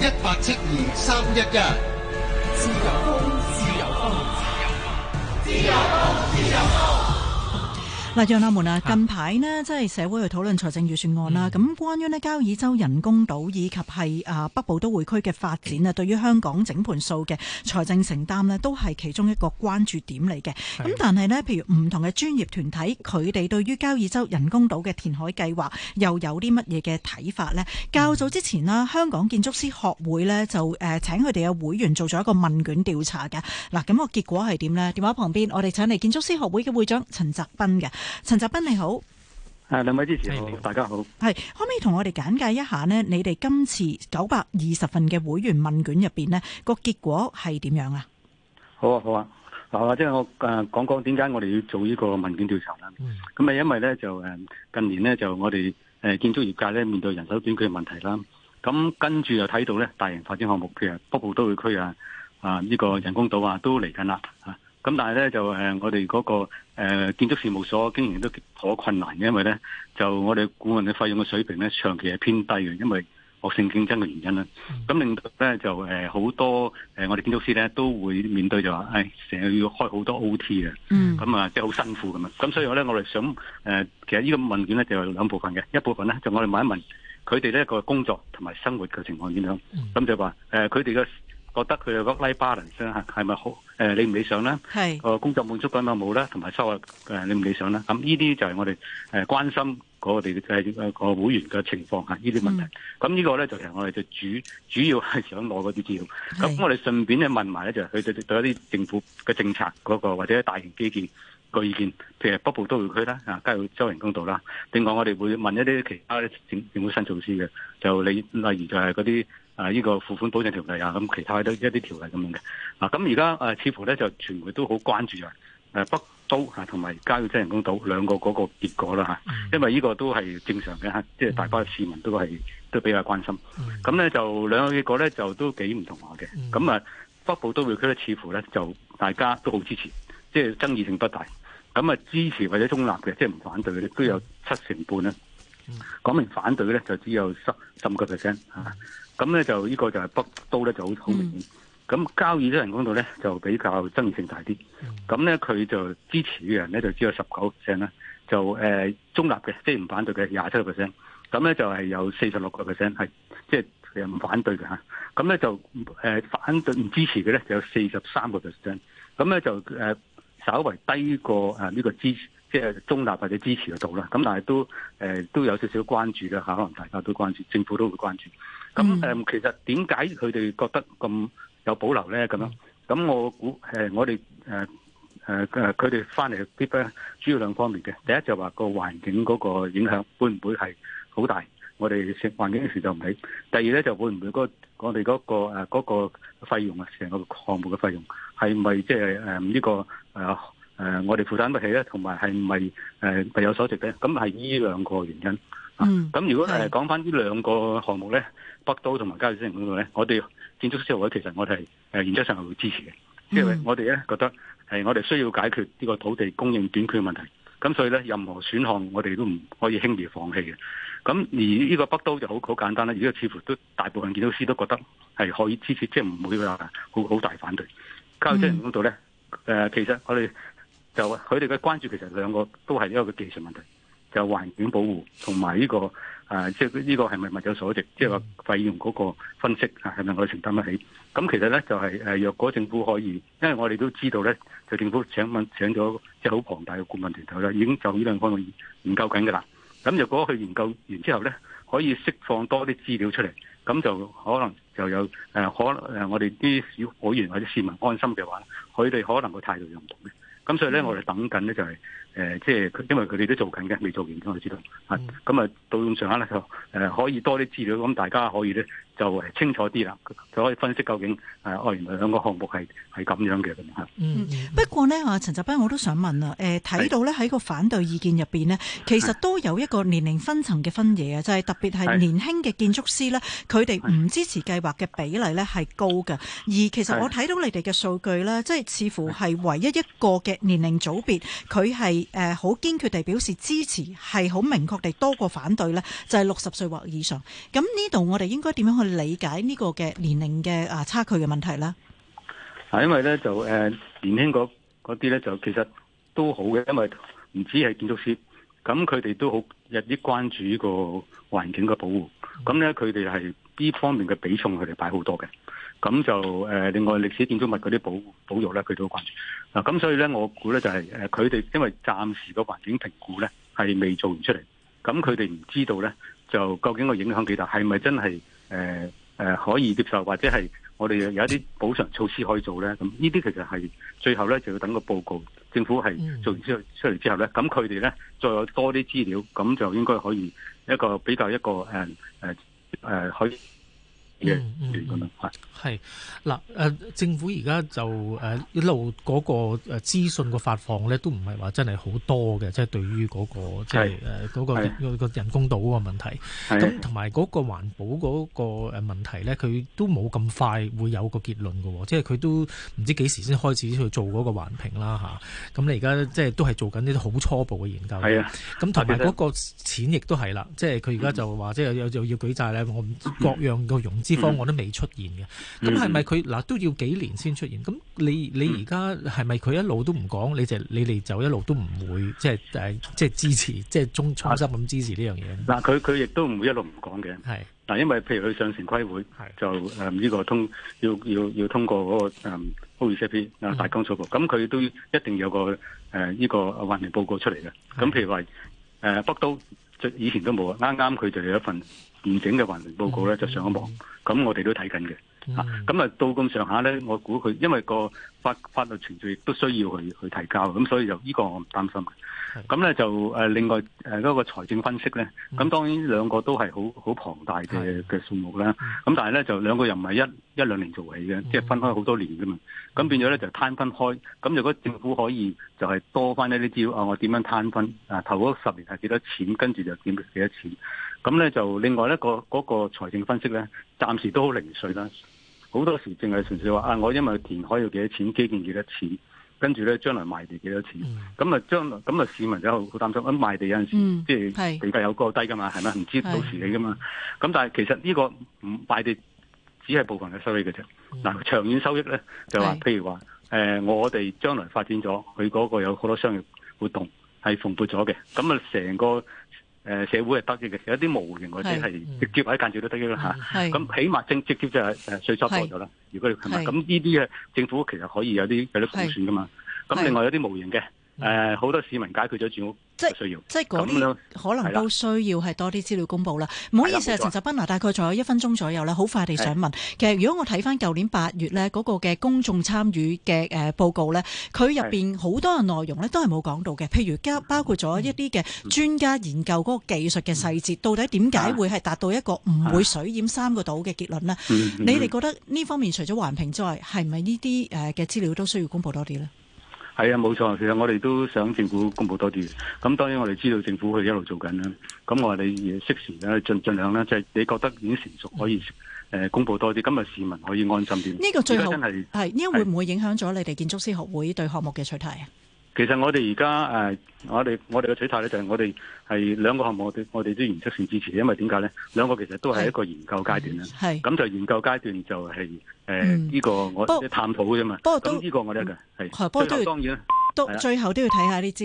一八七二三一一，自由風，自由風，自由風，自由風，自由風。嗱，靚女們啦，近排呢，即係社會去討論財政預算案啦。咁、嗯、關於呢交椅洲人工島以及係啊北部都會區嘅發展啊，對於香港整盤數嘅財政承擔呢，都係其中一個關注點嚟嘅。咁、嗯、但係呢，譬如唔同嘅專業團體，佢哋對於交椅洲人工島嘅填海計劃又有啲乜嘢嘅睇法呢？較早之前啦，香港建築師學會呢，就誒請佢哋嘅會員做咗一個問卷調查嘅。嗱，咁個結果係點呢？電話旁邊，我哋請嚟建築師學會嘅會長陳澤斌嘅。陳澤斌你好，誒兩位主持人好，大家好，係可唔可以同我哋簡介一下咧？你哋今次九百二十份嘅會員問卷入邊咧，個結果係點樣啊？好啊好啊，嗱即係我誒講講點解我哋要做呢個問卷調查啦。咁啊因為咧就誒近年咧就我哋誒建築業界咧面對人手短缺嘅問題啦。咁跟住又睇到咧大型發展項目，譬如北部都會區啊啊呢個人工島啊都嚟緊啦啊！咁但係咧就誒、呃、我哋嗰、那個、呃、建築事務所經營都好困難嘅，因為咧就我哋顧問嘅費用嘅水平咧長期係偏低嘅，因為惡性競爭嘅原因啦。咁、嗯、令到咧就誒好、呃、多誒、呃、我哋建築師咧都會面對就話誒成日要開好多 OT 嘅，咁啊、嗯、即係好辛苦咁啊。咁所以咧我哋想誒、呃、其實呢個問卷咧就有兩部分嘅，一部分咧就是、我哋問一問佢哋呢個工作同埋生活嘅情況點樣，咁就話誒佢哋嘅。呃覺得佢有 work-life balance 係咪好誒理唔理想咧？個是工作滿足感有冇咧？同埋收入誒理唔理想咧？咁呢啲就係我哋誒關心我哋嘅個會員嘅情況啊！呢啲問題，咁呢、嗯、個咧就係我哋就主主要係想攞嗰啲資料。咁是我哋順便咧問埋咧就係佢對對一啲政府嘅政策嗰、嗰個或者大型基建個意見，譬如北部都會區啦啊，交椅洲人工島啦。另外我哋會問一啲其他政政府新措施嘅，就你例如就係嗰啲。啊！依、這個付款保障條例啊，咁其他都一啲條例咁樣嘅。嗱、啊，咁而家誒似乎咧就傳媒都好關注啊。誒北都嚇同埋交椅洲人工島兩個嗰個結果啦嚇，啊嗯、因為呢個都係正常嘅嚇，即、啊、係、嗯、大家市民都係都比較關心。咁咧、嗯嗯、就兩個結果咧就都幾唔同下嘅。咁、嗯、啊北部都會區咧似乎咧就大家都好支持，即、就、係、是、爭議性不大。咁啊支持或者中立嘅即係唔反對嘅都有七成半啦。講明、嗯、反對咧就只有十十五個 percent 吓，咁咧、嗯、就呢個就係北都咧就好好明顯。咁、嗯、交椅洲人工島嗰度咧就比較爭議性大啲，咁咧佢就支持嘅人咧就只有十九 percent 啦，就誒中立嘅即係唔反對嘅廿七個 percent，咁咧就係、是、有四十六個 percent 係即係唔反對嘅吓，咁咧就誒反對唔支持嘅咧就有四十三個 percent，咁咧就誒稍微低過誒呢個支持。即係中立或者支持嘅度啦，咁但係都誒、呃、都有少少關注嘅，嚇，可能大家都關注，政府都會關注。咁誒、mm. 其實點解佢哋覺得咁有保留咧？咁樣咁我估誒我哋誒誒誒佢哋翻嚟嘅點咧，呃呃呃、佢哋返嚟主要兩方面嘅。第一就話個環境嗰個影響會唔會係好大？我哋食環境嘅事就唔係。第二咧就會唔會嗰、嗰個、我哋嗰、嗰個誒嗰、呃嗰個、費用啊，成個項目嘅費用係咪即係誒呢個誒？呃誒、呃，我哋負擔得起咧，同埋係唔係誒物有所值咧？咁係依兩個原因。咁、嗯啊、如果誒是、呃、講翻呢兩個項目咧，北都同埋交椅洲嗰度咧，我哋建築師學會其實我哋係、呃、原則上係會支持嘅，即、嗯、為我哋咧覺得係、呃、我哋需要解決呢個土地供應短缺嘅問題。咁所以咧，任何選項我哋都唔可以輕易放棄嘅。咁而呢個北都就好好簡單啦，依個似乎都大部分建築師都覺得係可以支持，即係唔會話好好大反對。交椅洲嗰度咧，誒、呃、其實我哋。就佢哋嘅關注其實兩個都係一個技術問題，就環境保護同埋呢個誒，即係呢個係咪物有所值，即係話費用嗰個分析啊，係咪我哋承擔得起？咁其實咧就係誒，若果政府可以，因為我哋都知道咧，就政府請問請咗即係好龐大嘅顧問團隊啦，已經就呢兩方面研究緊嘅啦。咁若果佢研究完之後咧，可以釋放多啲資料出嚟，咁就可能就有誒，可能誒我哋啲小會員或者市民安心嘅話，佢哋可能個態度唔同嘅。咁所以咧，mm. 我哋等緊咧，就係誒即係因為佢哋都做緊嘅，未做完嘅，我知道咁啊，mm. 嗯、到咁上下咧，就、呃、可以多啲資料，咁、嗯、大家可以咧。就誒清楚啲啦，就可以分析究竟誒哦、啊，原來兩個項目係係咁樣嘅咁、嗯、不過呢，啊陳澤斌，我都想問啦，誒、呃、睇到呢喺個反對意見入邊呢，其實都有一個年齡分層嘅分野啊，是就係特別係年輕嘅建築師呢，佢哋唔支持計劃嘅比例呢係高嘅。是而其實我睇到你哋嘅數據呢，是即係似乎係唯一一個嘅年齡組別，佢係誒好堅決地表示支持，係好明確地多過反對呢，就係六十歲或以上。咁呢度我哋應該點樣去？理解呢個嘅年齡嘅啊差距嘅問題啦。啊，因為咧就誒年輕嗰嗰啲咧就其實都好嘅，因為唔止係建築師，咁佢哋都好日益關注呢個環境嘅保護。咁咧，佢哋係呢方面嘅比重他們的，佢哋擺好多嘅。咁就誒，另外歷史建築物嗰啲保保育咧，佢都很關注。嗱，咁所以咧，我估咧就係誒，佢哋因為暫時個環境評估咧係未做完出嚟，咁佢哋唔知道咧就究竟個影響幾大，係咪真係？誒誒、呃呃、可以接受，或者係我哋有一啲補償措施可以做咧。咁呢啲其實係最後咧，就要等個報告，政府係做完之後出嚟之後咧，咁佢哋咧再有多啲資料，咁就應該可以一個比較一個誒誒誒可以。嗯嗯，係、嗯、嗱，誒、嗯啊、政府而家就誒、啊、一路嗰個資訊個發放咧，都唔係話真係好多嘅，即、就、係、是、對於嗰、那個即係誒嗰個人工島個問題咁同埋嗰個環保嗰個誒問題咧，佢都冇咁快會有個結論嘅喎，即係佢都唔知幾時先開始去做嗰個環評啦吓，咁、啊、你而家即係都係做緊啲好初步嘅研究，係啊。咁同埋嗰個錢亦都係啦，即係佢而家就話即係又又要舉債咧，我唔知各樣個融資。啲方案都未出現嘅，咁係咪佢嗱都要幾年先出現？咁你你而家係咪佢一路都唔講？嗯、你就你哋就一路都唔會即係誒即係支持即係中安心咁支持這件事，呢樣嘢嗱，佢佢亦都唔會一路唔講嘅。係嗱是、啊，因為譬如佢上城規會是就誒呢、嗯、是個通要要要通過嗰、那個誒、嗯、OEP 啊大公初步，咁佢、嗯、都一定要有個誒呢、呃這個環評報告出嚟嘅。咁是譬如話誒、呃、北都，以前都冇，啊，啱啱佢就有一份。完整嘅環評報告咧就上咗網，咁、嗯嗯、我哋都睇緊嘅。嗯、啊，咁啊到咁上下咧，我估佢因為個法法律程序亦都需要去去提交，咁所以就呢個我唔擔心咁咧是就、呃、另外誒嗰、呃那個財政分析咧，咁、嗯、當然兩個都係好好龐大嘅嘅是數目啦。咁、嗯、但係咧就兩個又唔係一一兩年做起嘅，即係、嗯、分開好多年嘅嘛。咁變咗咧就攤分開，咁如果政府可以就係多翻一啲資料啊，我點樣攤分啊？頭嗰十年係幾多錢，跟住就點幾多錢？咁咧就另外一個嗰個財政分析咧，暫時都好零碎啦。好多時淨係純粹話啊，我因為填海要幾多錢，基建幾多錢，跟住咧將來賣地幾多錢。咁啊、嗯、將來咁啊市民就好擔心，咁、啊、賣地有陣時即係地價有過低噶嘛，係咪？唔知到時嚟噶嘛。咁是但係其實呢個賣地只係部分嘅收益嘅啫。嗱、嗯，長遠收益咧就話，是譬如話誒、呃，我哋將來發展咗，佢嗰個有好多商業活動係蓬勃咗嘅，咁啊成個。誒社會係得益嘅，其實有啲模型或者係直接或者間接都得益嘅啦，咁起碼正直接就係誒稅收多咗啦。是如果係咁，呢啲嘅政府其實可以有啲有啲估算噶嘛。咁是、嗯、另外有啲模型嘅誒，好是、嗯、多市民解決咗住屋。即係即嗰啲可能都需要係多啲資料公布啦。唔的好意思啊，陳澤斌啊，大概仲有一分鐘左右啦，好快地想問。的其實如果我睇翻舊年八月咧嗰、嗰個嘅公眾參與嘅誒報告咧，佢入面好多嘅內容咧都係冇講到嘅。譬如包包括咗一啲嘅專家研究嗰個技術嘅細節，的到底點解會係達到一個唔會水淹三個島嘅結論呢？的你哋覺得呢方面除咗環評之外，係咪呢啲嘅資料都需要公布多啲呢？係啊，冇錯，其實我哋都想政府公布多啲。咁當然我哋知道政府佢一路做緊啦。咁我話你適時咧，盡盡量啦，即、就、係、是、你覺得已經成熟，可以誒公布多啲，今日市民可以安心啲。呢個最後係，呢、這個會唔會影響咗你哋建築師學會對項目嘅取態啊？是其實我哋而家誒，我哋我哋嘅取態咧，就係我哋係兩個項目，我哋我哋都原則性支持。因為點解咧？兩個其實都係一個研究階段啦，係。咁就研究階段就係誒呢個我即、嗯、探討啫嘛。不過都呢個我哋係，係。所以當然啦，都的最後都要睇下呢啲。